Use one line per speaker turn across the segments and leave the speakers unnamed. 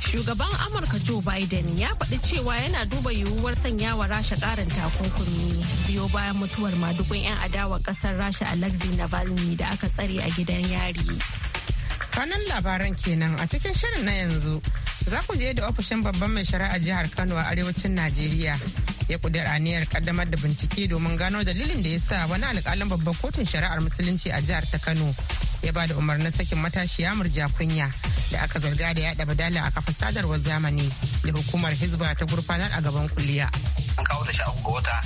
Shugaban Amurka Joe Biden ya faɗi cewa yana duba yiwuwar sanya wa Rasha ƙarin takunkumi biyo bayan mutuwar madugun 'yan adawa ƙasar Rasha Alexei Navalny da aka tsare a gidan yari.
kanan labaran kenan a cikin shirin na yanzu za ku je da ofishin babban mai shari'a jihar kano a arewacin najeriya ya kudir aniyar kaddamar da bincike domin gano dalilin da ya sa wani alƙalin babban kotun shari'ar musulunci a jihar ta kano ya ba da umarnin sakin matashiya murja kunya da aka zarga da yaɗa badala a kafa sadarwar zamani da hukumar hizba ta gurfanar a gaban kuliya. an
kawo ta sha ga wata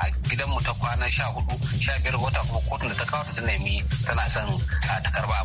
a gidanmu ta kwana sha hudu sha biyar ga wata kuma kotun da ta kawo ta tunani
tana
son ta karba a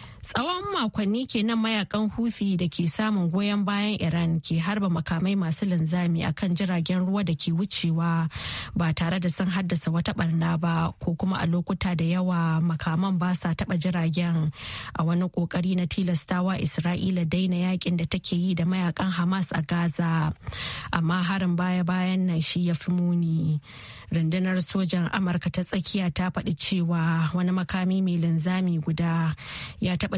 Tsawon makonni kenan mayakan hufi da ke samun goyon bayan Iran ke harba makamai masu linzami a kan jiragen ruwa da ke wucewa ba tare da sun haddasa wata barna ba ko kuma a lokuta da yawa makaman ba sa taba jiragen a wani kokari na tilastawa Isra'ila daina yakin da take yi da mayakan Hamas a Gaza. Amma harin baya-bayan nan shi ya fi muni. Rundunar sojan Amurka ta tsakiya ta faɗi cewa wani makami mai linzami guda ya taɓa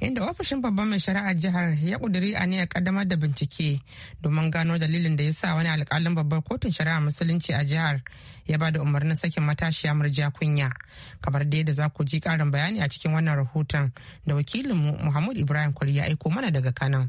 inda ofishin babban mai shari'ar jihar ya kuduri aniyar kaddamar da bincike domin gano dalilin da ya sa wani alkalin babbar kotun shari'a musulunci a jihar ya ba da umarnin sakin matashiya murja kunya kamar da yadda za ku ji karin bayani a cikin wannan rahoton da wakilinmu muhammad ibrahim kwari ya aiko mana daga kanan.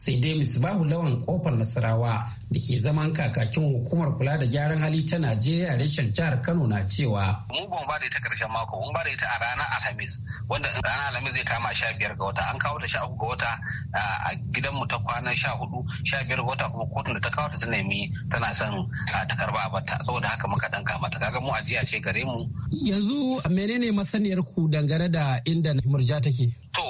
sai dai misbahu lawan kofar nasarawa da ke zaman kakakin hukumar kula da gyaran hali ta najeriya reshen jihar kano na cewa
mu ba da ita karshen mako mun ba da ita a ranar alhamis wanda ranar alhamis zai kama
sha biyar ga wata an kawo ta sha uku ga wata a gidanmu ta kwanan sha hudu sha biyar ga wata
kuma kotun da ta kawo ta ta nemi tana son ta karba bata saboda haka muka kama ta kaga mu ajiya ce gare mu
yanzu menene masaniyar ku dangane da inda murja take
to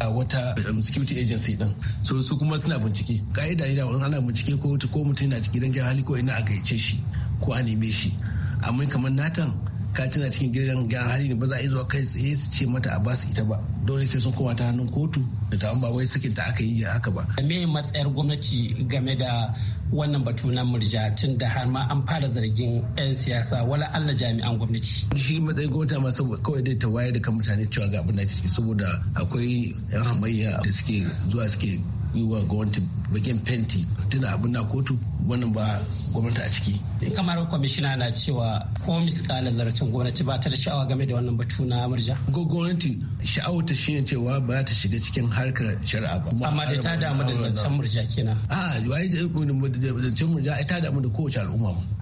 a wata um, security agency din so su kuma suna bincike ka'ida ne da wani ana bincike ko mutum yana cikin gidan hali ko ina a gaice shi ko a neme shi amma kamar natan ka cina cikin gidan gidan hali ne ba za a zuwa kai tsaye su ce mata a ba su ita ba dole sai sun koma ta hannun kotu da ta ba wai sakin ta aka yi ya haka ba me matsayar gwamnati game da wannan batu na murja tun da har ma an fara zargin 'yan siyasa wala Allah jami'an gwamnati. Shi matsayin gwamnati ma saboda kawai dai ta wayar da kan mutane cewa ga abin da ciki saboda akwai 'yan hamayya da suke zuwa suke yi wa gwamnati bakin fenti tana abin na kotu wannan ba gwamnati a ciki. kamar kwamishina na cewa ko misƙalar zarafin gwamnati ba ta da sha'awa game da wannan batu na murja. gwamnati sha'awar ta shine cewa ba ta shiga cikin harkar shari'a ba. amma da ta damu da zancen murja kenan. a zancen murja ta damu da kowace al'umma mu.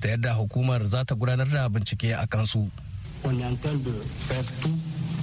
ta yadda hukumar za ta gudanar da bincike a kansu.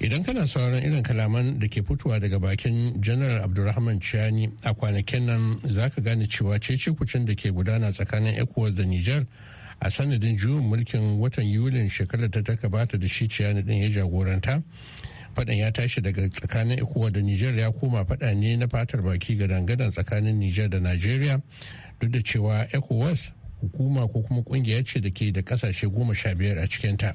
idan kana sauran irin kalaman da ke fitowa daga bakin janar abdulrahman chani a kwanakin nan za ka gane cewa cece-kucin da ke gudana tsakanin ecuador da niger a sanadin juyin mulkin watan yulin shekarar ta ta bata da shi ciyani din ya jagoranta fadan ya tashi daga tsakanin ecuador da niger ya koma fada ne na fatar baki ga dangadan tsakanin niger da nigeria duk da cewa ecuador hukuma ko kuma kungiya ce da ke da kasashe goma sha biyar a cikinta.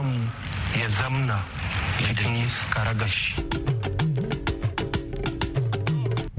samu ya zamna
cikin karagashi.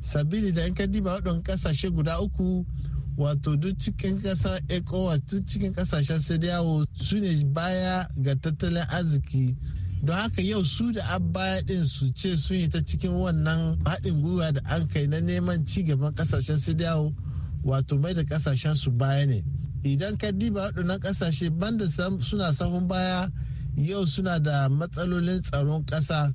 sabili da yan ka diba waɗannan ƙasashe guda uku wato duk cikin ƙasa ecowas duk cikin ƙasashen sadiyawo su ne baya ga tattalin arziki don haka yau su da abaya ɗin su ce sun yi ta cikin wannan haɗin gwiwa da an kai na neman ci gaban ƙasashen sadiyawo wato mai da ƙasashen su baya ne idan ka diba waɗannan kasashe banda suna sahun baya yau suna da matsalolin tsaron ƙasa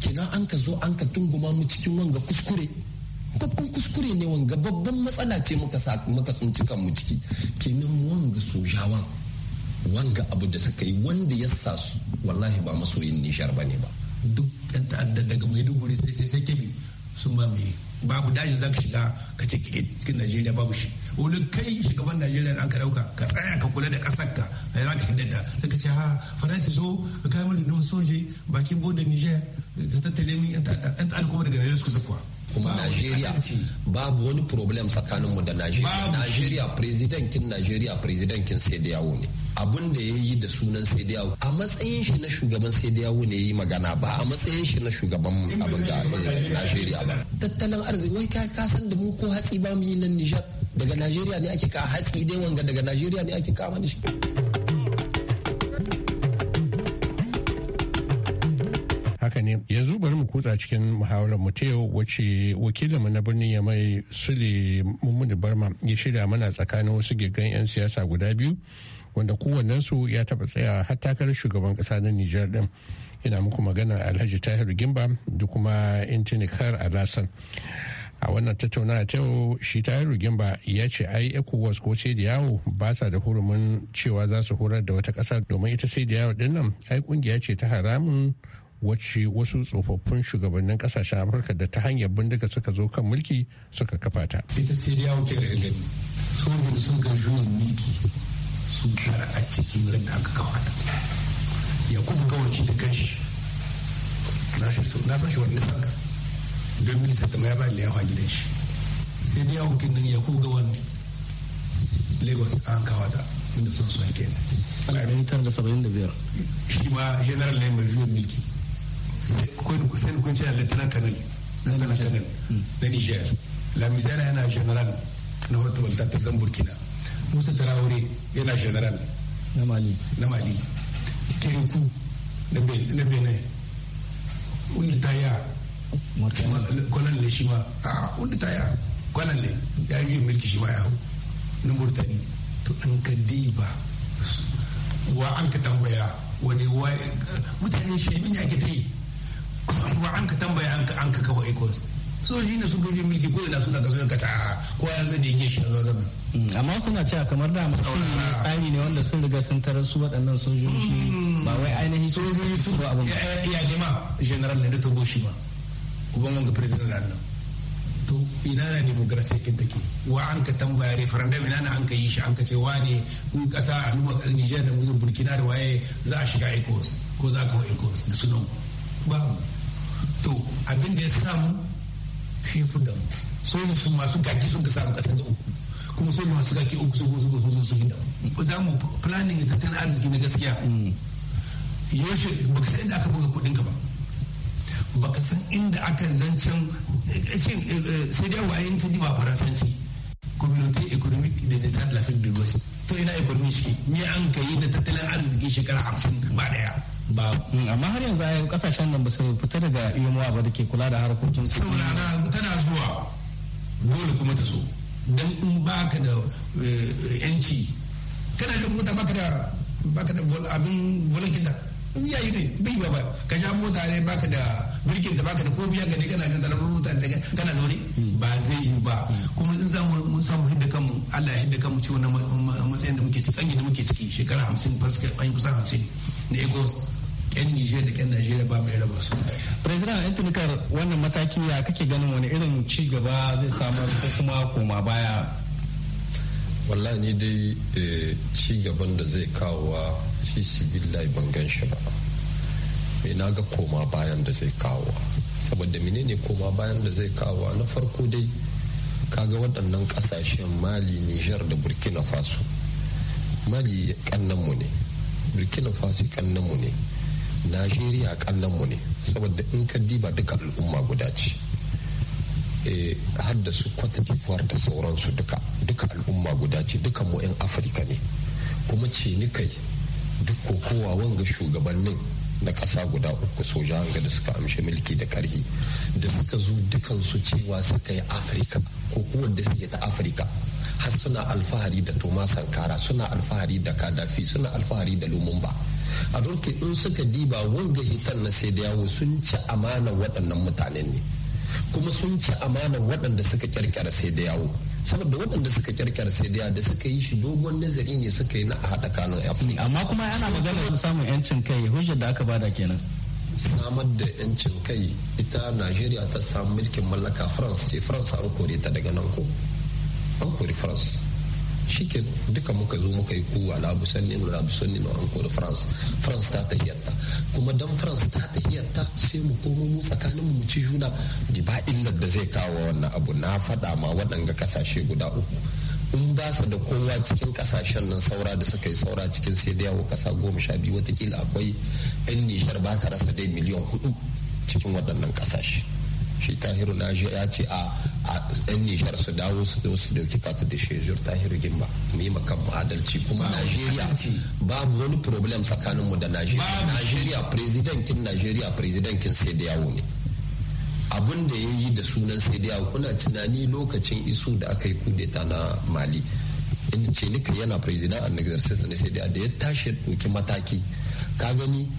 kina an ka zo an ka tunguma mu cikin wanga kuskure babban kuskure ne wanga babban matsala ce muka sa muka sun cika mu ciki kenan wanga sojawan wanga abu da suka yi wanda ya sa su wallahi ba masoyin
nishar bane ba duk ɗan ta'adda daga maiduguri sai sai sai kebi sun ba mai babu dajin za ka shiga ka ce cikin najeriya babu shi wani kai shugaban najeriya da an ka dauka ka tsaya ka kula da kasar ka ai za ka hiddata ta ka ce ha faransa so ka kai mu rundunar soje bakin bodin niger ka tattale min yan ta'ada kuma daga najeriya suka zakuwa kuma Najeriya
babu wani problem tsakaninmu da Najeriya. Najeriya presidentin Najeriya presidentin sai da yawo ne. abun da ya yi da sunan sai da a matsayin shi na shugaban sai da yawo ne yi magana ba a matsayin shi na shugaban abin da eh, Najeriya ba tattalin arziki wai ka san da mu ko hatsi ba mu yi nan Nijar daga Najeriya ne ake ka hatsi dai wanga daga Najeriya ne ake kama shi
haka ne yanzu bari mu kutsa cikin muhawarar mu ta yau wace wakilinmu na birnin ya mai sule mummuni barma ya shirya mana tsakanin wasu gigan 'yan siyasa guda biyu wanda kowannensu ya taba tsaya har takarar shugaban ƙasa na Nijar ɗin. Ina muku magana Alhaji Tahiru Gimba da kuma Intinikar Alasan. a wannan tattaunawa ta yau shi tahiru gimba ya ce ai ecowas ko sai da yawo ba sa da hurumin cewa za su horar da wata kasa domin ita sai da yawo din ai kungiya ce ta haramun wacce wasu tsofaffin shugabannin kasashen afirka da ta hanyar bindiga suka zo kan mulki suka kafa ta ita sai da yawo ke da ilimi sun
sun ga mulki sun kara a cikin wurin da aka kawata ya kuma gawaci da kanshi na san shi wani nisan ka don minista ta ya bani liyafa gidan shi sai da yawon kinnan ya kuma gawan lagos an kawata inda sun son ke al'adari tara da saba'in da biyar shi ma general ne mai juyar milki sai kun ce na lieutenant colonel lieutenant kanal na niger la yana general na hotel ta zan burkina musa tarawore yana general na mali na mali kiriku na benin wanda ta ya kwanan ne shi ma a wanda ta ya kwanan ne ya yi mulki shi ma ya hau na murtani to an ka diba wa an ka tambaya wani mutane shi ne ke ta yi wa an ka tambaya an ka kawai ecos sojoji ne sun kauje mulki ko ina suna kasar kata ko ya zai da yake shi a zama mm, amma suna cewa kamar da masu.
mutum tsari ne wanda sun riga sun tarar su waɗannan sojoji mm. ba wai ainihin sojoji su ba abin ya ma
general ne da togo shi ba uban wanga president da nan to ina na demokrasiya kin take wa an ka tambaya referendum ina na an ka yi shi an ka ce wa ne kun kasa a numa kasar Niger da mu Burkina da waye za a shiga ECOWAS ko za ka wa ECOWAS da sunan Ba to abin da ya samu sai su damu soja su masu gaki sun ka samu kasar da uku kuma soja masu gaki uku su gosu gosu su hinda damu za mu planning da tattalin arziki na gaskiya yaushe baka san inda aka buga kudin ka ba baka san inda aka zancen eh, eh, eh, sai dai wayan ka ba faransanci community économique des états de l'Afrique de l'Ouest to ina economic shi ni an kai da tattalin arziki shekara hamsin ba daya ba mm, amma har
yanzu ayan kasashen nan ba su fita daga yamuwa ba da ke kula da harkokin su
saurara tana zuwa dole kuma ta zo don in baka da eh, yanki kana da mota baka da baka da abin volunteer da yayi ne bai ba ba ka sha mota ne baka da birkin da baka da ko biya gani kana jin tarar mota da kana zaune ba zai yi ba kuma in za mu samu hidda kanmu Allah ya hidda kanmu ci na matsayin da muke ciki tsangi da muke ciki shekara 50 fasika an yi kusan 50 ne ecos 'yan nijiyar da 'yan Najeriya ba mai raba su.
President Antinikar wannan mataki ya kake ganin wani irin ci
gaba zai samar ko kuma koma baya. Wallahi ni dai eh, ci gaban da zai kawo wa fisibillahi ban gan shi ba. Me eh, na ga koma bayan da zai kawo wa saboda menene koma bayan da zai kawo wa na farko dai kaga waɗannan ƙasashen mali nijar da burkina faso mali kannanmu ne burkina faso kannanmu ne najeriya kallon mu ne saboda in ka diba duka al'umma guda ce eh, har da su d'Ivoire da sauransu duka duka al'umma guda ce duka mu 'yan afirka ne kuma ce ni kai duk kokowa wanga shugabannin na ƙasa guda uku soja hanga da suka amshi mulki da karhi da suka zo dukansu cewa suka yi afirka ko kuma da suke ta afirka har suna alfahari da toma sankara suna alfahari da kadafi suna alfahari da lumumba a burki in suka diba wanga hitar na sai da yawo sun ci amanar waɗannan mutanen ne kuma sun ci amanar waɗanda suka kirkira sai da yawo saboda waɗanda suka kirkira sai da da suka yi shi dogon nazari ne suka yi na a haɗa ya fi amma kuma magana da
samun yancin kai hujjar da aka bada kenan
samar da yancin kai ita najeriya ta samu mulkin mallaka france ce france an kore ta daga nan ko an kori france shikin duka muka zo muka yi kowa labu sanni mu labu sanni mu an kore france france ta tahiyatta kuma dan france ta tahiyatta sai mu komo mu tsakanin mu ci juna da ba illar da zai kawo wannan abu na faɗa ma waɗanga kasashe guda uku in ba su da kowa cikin kasashen nan saura da suka yi saura cikin sai da yawo kasa goma sha biyu watakila akwai yan nishar baka rasa dai miliyan hudu cikin waɗannan kasashe shi tahiru na ya ce a yan nishar su dawo su da su dauki katu da zuwa tahiru gimba mu yi makan adalci kuma najeriya babu wani problem tsakanin mu da najeriya najeriya presidentin najeriya presidentin sai da yawo ne abin da ya yi da sunan sai da yawo kuna tunani lokacin isu da aka yi kudeta na mali in ce nika yana president an exercise ne sai da ya tashi ɗauki mataki ka gani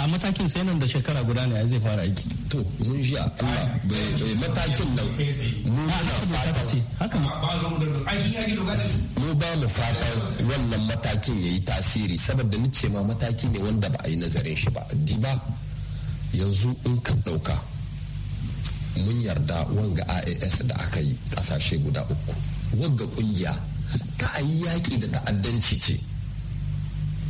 a matakin sai nan da shekara guda ne zai fara aiki to mun shi Allah bai matakin nan
mu na ah, fata haka
mu ba mu fata wannan matakin yayi tasiri saboda ni ce ma mataki ne wanda ba a yi nazarin shi ba diba yanzu in ka dauka mun yarda wanga IAS da aka yi kasashe guda uku wanga kungiya ta ayi yaki da ta'addanci ce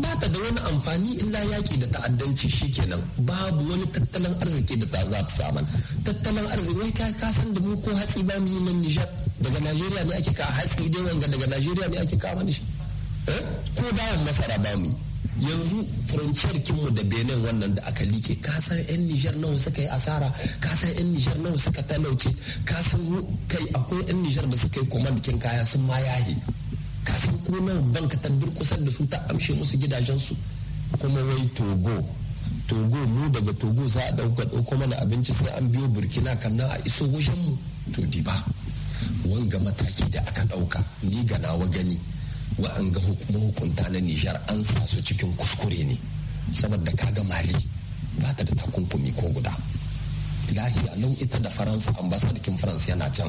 ba ta da wani amfani illa yaƙi da ta'addanci shi kenan babu wani tattalin arziki da ta za ta samu tattalin arziki wai ka san da mu ko hatsi ba mu yi nan nishar daga najeriya ne ake ka hatsi dai wanga daga najeriya ne ake kama nishar eh? ko wani masara ba mu yanzu furanciyar kinmu da benin wannan da aka like kasan yan nijar nawa suka yi asara kasan yan nijar nawa suka talauke kasan kai akwai yan nijar da suka yi command kin kaya sun ma yahi kafin kunan banka ta durkusar da su ta amshe musu gidajensu kuma wai togo togo mu daga togo za a dauka dauko mana abinci sai an biyo burkina kannan a iso wajen mu to di ba wanga mataki da aka dauka ni ga nawa gani wa an ga mahukunta na nijar an sa su cikin kuskure ne saboda kaga mali ba ta da takunkumi ko guda lahiya lau ita da faransa ambasadakin faransa yana can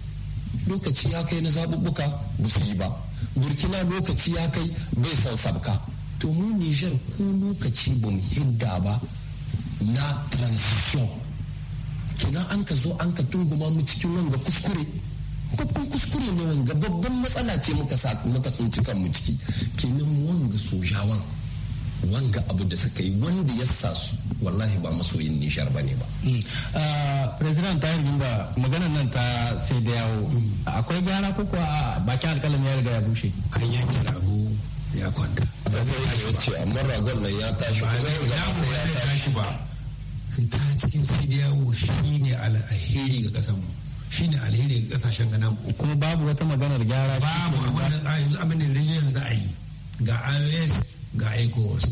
lokaci ya kai na zaɓuɓɓuka ba su yi ba burkina lokaci ya kai bai san sabka to mu nijar ko lokaci ba mu hidda ba na transition kina an ka zo an ka tunguma mu cikin wanga kuskure babban kuskure ne wanga babban matsala ce muka sun cikan mu ciki kenan wanga sojawan wanga abu da suka yi wanda ya sa su wallahi ba masoyin nishar ba ne ba.
Hmm. Ah, president ta yi maganar nan ta sai da yawo hmm. akwai gara kuku a bakin alkalin ya riga ya bushe.
an yanke rago ya kwanta. ba zai tashi ba. amma ragon nan ya tashi. ba zai
tashi ba. fita cikin sai da yawo shi ne alheri ga mu. shi ne alheri ga kasashen gana mu. kuma babu wata maganar gyara. babu abin da yanzu abin da yanzu a yi ga ios ga ecowas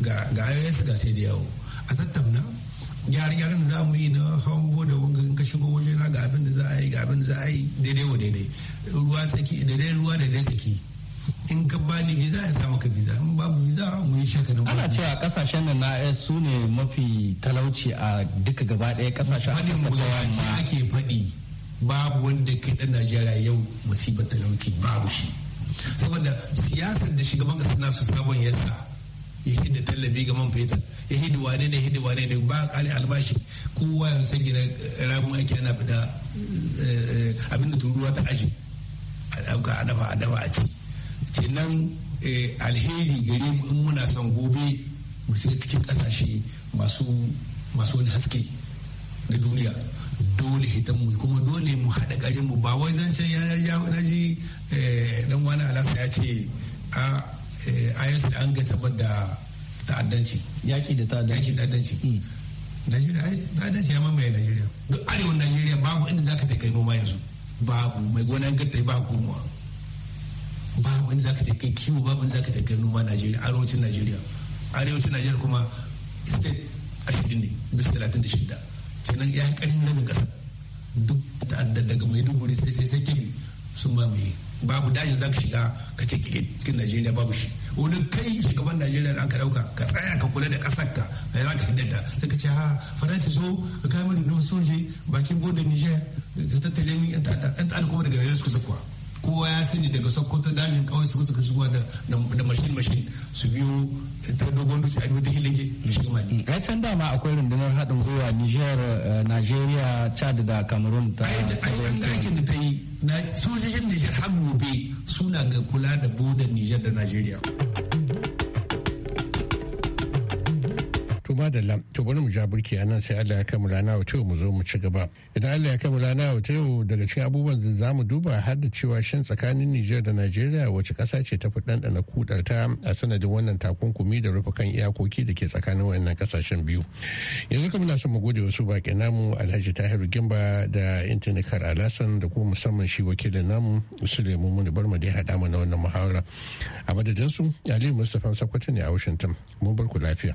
ga ios ga sai yawo a tattauna gyare gyaran da za mu yi na hawan boda wanga in ka shigo waje na ga abin da za a yi ga abin da za a yi daidai wa daidai ruwa tsaki daidai ruwa daidai tsaki in ka bani visa ya samu ka visa in babu visa mu yi shaka na. ana cewa
kasashen da na AS su ne mafi talauci a duka gaba daya kasashen hadin bugawaki ake
faɗi babu wanda kai dan Najeriya yau musibar talauci babu shi saboda siyasar da shugaban kasa na su sabon yasa ya hidda tallafi ga man fetur ya hidda wane ne hidda wane ne ba kare albashi kowa ya san gina ramin aiki ana fita eh, abinda turuwa ta aji a dauka a dafa a dafa a ci kenan eh, alheri gare mu in muna son gobe mu shiga cikin kasashe masu wani haske na duniya dole ita mu kuma dole mu haɗa ƙarin mu ba wai zancen yanar ya na ji eh, dan wani alasa ya ce a eh, is da an ga tabar da ta'addanci yaƙi da ta'addanci ta'addanci hmm. Najeriya ai ta'addanci ya mamaye Najeriya duk arewa Najeriya babu inda zaka ta kai noma yanzu babu mai gonan gatta ba komowa babu inda zaka ta kai kiwo babu inda zaka ta kai noma Najeriya arewacin Najeriya arewacin Najeriya kuma state ashirin ne bis talatin da shidda kenan ya karin nan kasa duk ta'addar daga duburi sai sai sai kin sun ba mamaye babu dajin za ka shiga ka ce cikin najeriya babu shi wani kai shugaban najeriya da aka dauka ka tsaya ka kula da kasar ka ya za ka hiddata sai ka ce ha faransa so ka kai mini na soje bakin bodin niger ka tattale min yan ta'adda yan ta'adda kuma daga najeriya suka kuwa. kowa ya sani daga sokoto dajin kawai su suka shigowa da mashin mashin su biyo ta dogon dutse a biyu ta hilage da shiga mali.
Mm. ai can dama akwai rundunar haɗin gwiwa niger eh, nigeria chad da cameroon ta
aikin da ta yi sojojin niger har gobe suna ga kula da
bodar niger da nigeria. ba da lam to bari mu ja burki a nan sai Allah ya mu rana wa mu zo mu ci gaba idan Allah ya kai mu rana wa daga cikin abubuwan da za duba har da cewa shan tsakanin Nijar da Najeriya wace kasa ce ta fi ɗanɗana kudarta a sanadin wannan takunkumi da rufe kan iyakoki da ke tsakanin wannan ƙasashen biyu yanzu kuma muna son mu gode wasu baƙi namu Alhaji Tahiru Gimba da Kar Alasan da kuma musamman shi wakilin namu Suleiman Muni Barma da ya haɗa mana wannan muhawara a madadinsu Aliyu Mustapha Sakwato ne a Washington mun bar ku lafiya.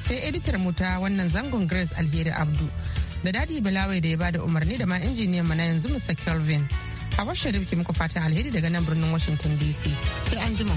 sai editar mu ta wannan zangon grace alheri abdu da dadi balawai da ya bada umarni da ma injiniyan mana yanzu mr kelvin a sharif ki muku fatan alheri daga nan birnin washington dc sai an ji mu